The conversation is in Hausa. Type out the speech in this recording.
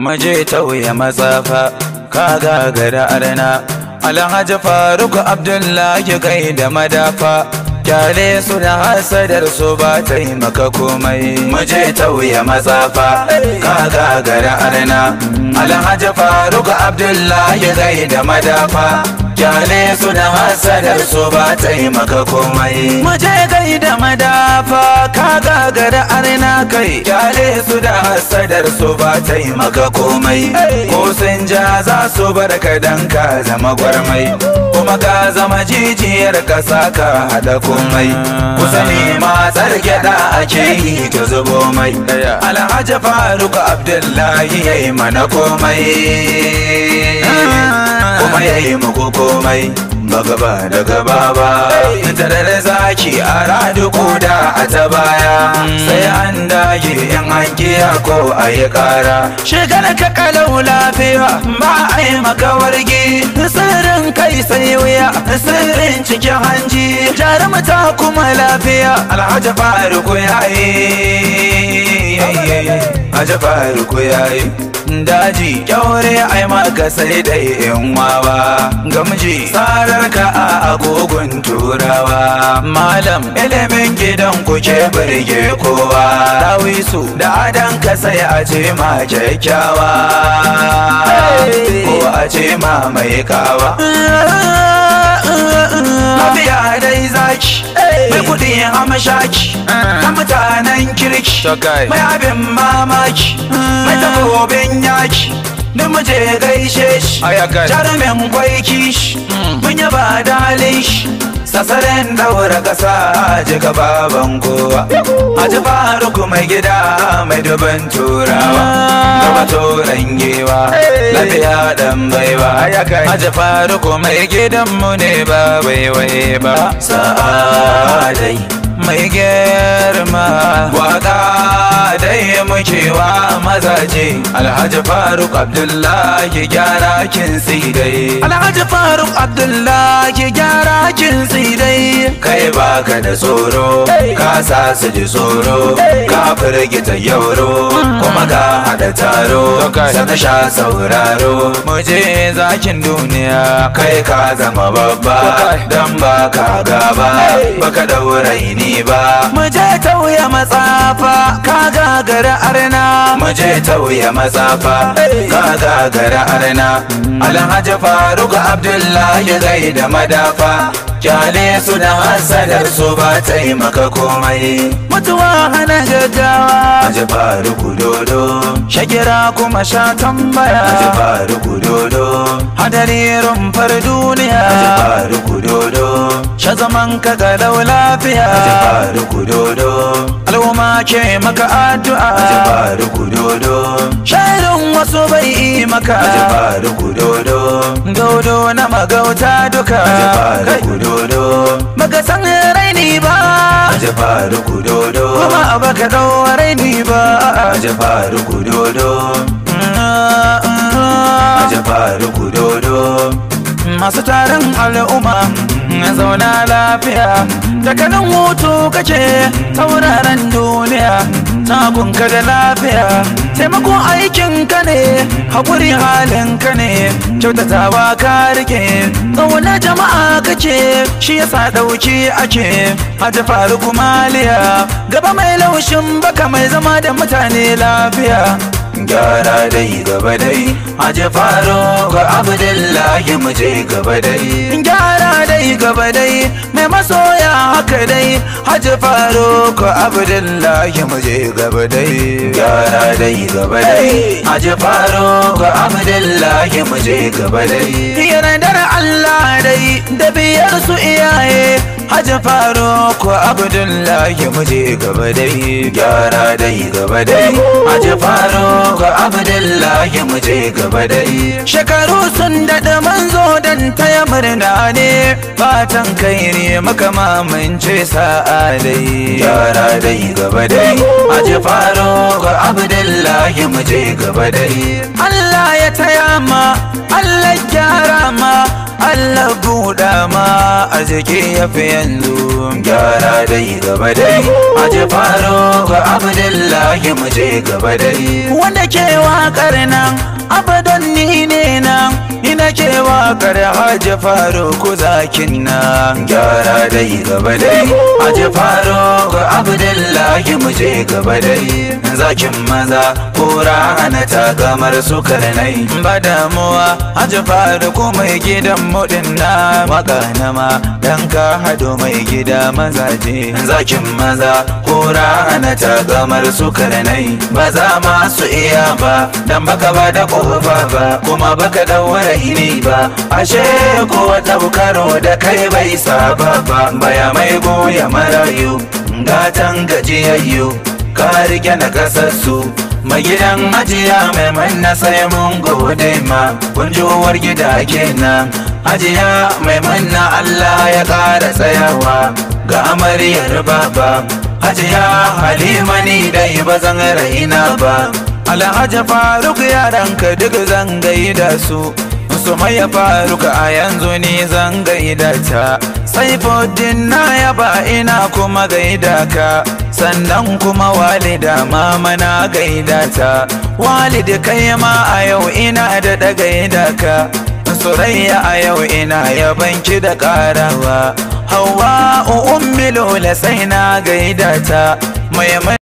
Maje tauye matsafa, ka gada arna, Alhaji Faruk Abdullahi kai da madafa. kyale su da hasadar su ba ta yi maka komai muje tauye matsafa ka gagara arna alhaji faruk abdullahi zai da madafa kyale su hasadar su ba ta yi maka komai muje gai da madafa ka gagara arna kai kyale su da hasadar su ba ta yi maka komai ko sun ja za su bar dan ka zama gwarmai maka zama jijiyar kasa ka hada komai kusa ma matsar da ake yi ta zubo mai alhaji faruk abdullahi ya yi mana komai ah. kuma ya yi muku komai magaba da gaba ba da zaki a radu koda a ta baya sai an dage yan an kiya ko a yi kara shigar ka kalau lafiya ba a yi maka wargi sirrin kai sai wuya sirrin cikin hanji jarumta kuma lafiya alhaji faruku yayi aje ku yayi daji kyaure ai maka sai da yan wawa gamji sarar ka a agogon turawa malam ilimin gidan ku ke birge kowa rawisu da adan ka sai a ce ma kyakkyawa ko a ce ma mai kawa ah! ne amshaki eh. na mutanen kirki mai abin mamaki mai eh. takobin yaki duk mu gaishe shi jarumin kwaiki shi hmm. mun yaba dalin shi sasaren daura kasa ji baban kowa a faru kuma gida mai dubin turawa eh. ya dan baiwa ya kai haja ko mai mu ne ba wai ba sa'a dai mai girma waka mukewa mazaje alhaji faruk abdullahi gyara kin dai alhaji faruk abdullahi gyara kin dai kai baka da tsoro ka sa su ji tsoro ka ta yauro ah! kuma ka hada taro sana sha sauraro muje zakin duniya kai ka zama babba dan baka gaba baka daura ni ba muje tauya matsafa ka gagara arna muje tauya matsafa ka gagara arna alhaji faruk abdullahi gai da madafa kyale su da hasadar su ba taimaka komai mutuwa hana gaggawa aji faruku dodo shakira kuma sha tambaya aji faruku dodo hadari rumfar duniya aji faruku dodo ta zaman ka galau lafiya da kudodo al'umma ce maka addu'a da kudodo shaidun wasu bai yi maka da kudodo gaudo na magauta duka da kudodo baka san raini ba da kudodo kuma baka dau raini ba da kudodo mm-hmm. da kudodo masu tarin al'umma zauna lafiya takanin hutu kake ta wuraren duniya kunka da lafiya taimako aikinka ne haƙuri halinka ne kyautatawa ka rike tsawana jama'a kake shi yasa ɗauki ake a faru kumaliya gaba mai laushin baka mai zama da mutane lafiya gyara dai gaba dai a faru ga abdullahi mu je gaba dai gyara gaba dai mai masoya haka dai Haji ko Abdullahi mu je gaba dai Gyara dai gaba dai Haji ko Abdullahi mu je gaba dai Yardar Allah dai da biyar su iyaye Haji ko Abdullahi mu je gaba dai Gyara dai gaba dai Haji ko Abdullahi mu je gaba dai Shekaru sun daɗa manzo don taya murna ne fatan kai ne maka mamance sa'a dai yara dai gaba dai a ji faro ga abdullahi mu je gaba dai Allah ya taya ma Allah gyara ma Allah buɗa ma a jiki ya fi yanzu gyara dai gaba dai a ji faro ga abdullahi mu je gaba dai wanda ke waƙar nan abadan ni kar haji faro ku zakin nan gyara dai gaba dai haji faro ga abdullahi mu je gaba dai zakin maza kura hana kamar su karnai ba damuwa haji faro mai gidan mudin na waka ma dan ka hado mai gida mazaje zakin maza kura hana kamar su karnai ba za ma su iya ba dan baka ba da kofa ba kuma baka dawara ne ba ashe ko wata bukaro da kai bai saba ba baya mai goya marayu gatan gajiyayyu ka rike na kasassu mai gidan ajiya mai manna sai mun gode ma kunjuwar gida kenan ajiya mai manna allah ya ƙara tsayawa ga amaryar baba ajiya halima ni dai ba raina ba alhaji faruk yaranka duk zan gaida su su mai ka a yanzu ni zan gaida ta sai fodin na yaba ina kuma gaida ka sannan kuma walida mama na gaidata walidi walid kai ma a yau ina da da gaida ka a yau ina yabanki da karawa hawa ummilo sai na gaida ta ma.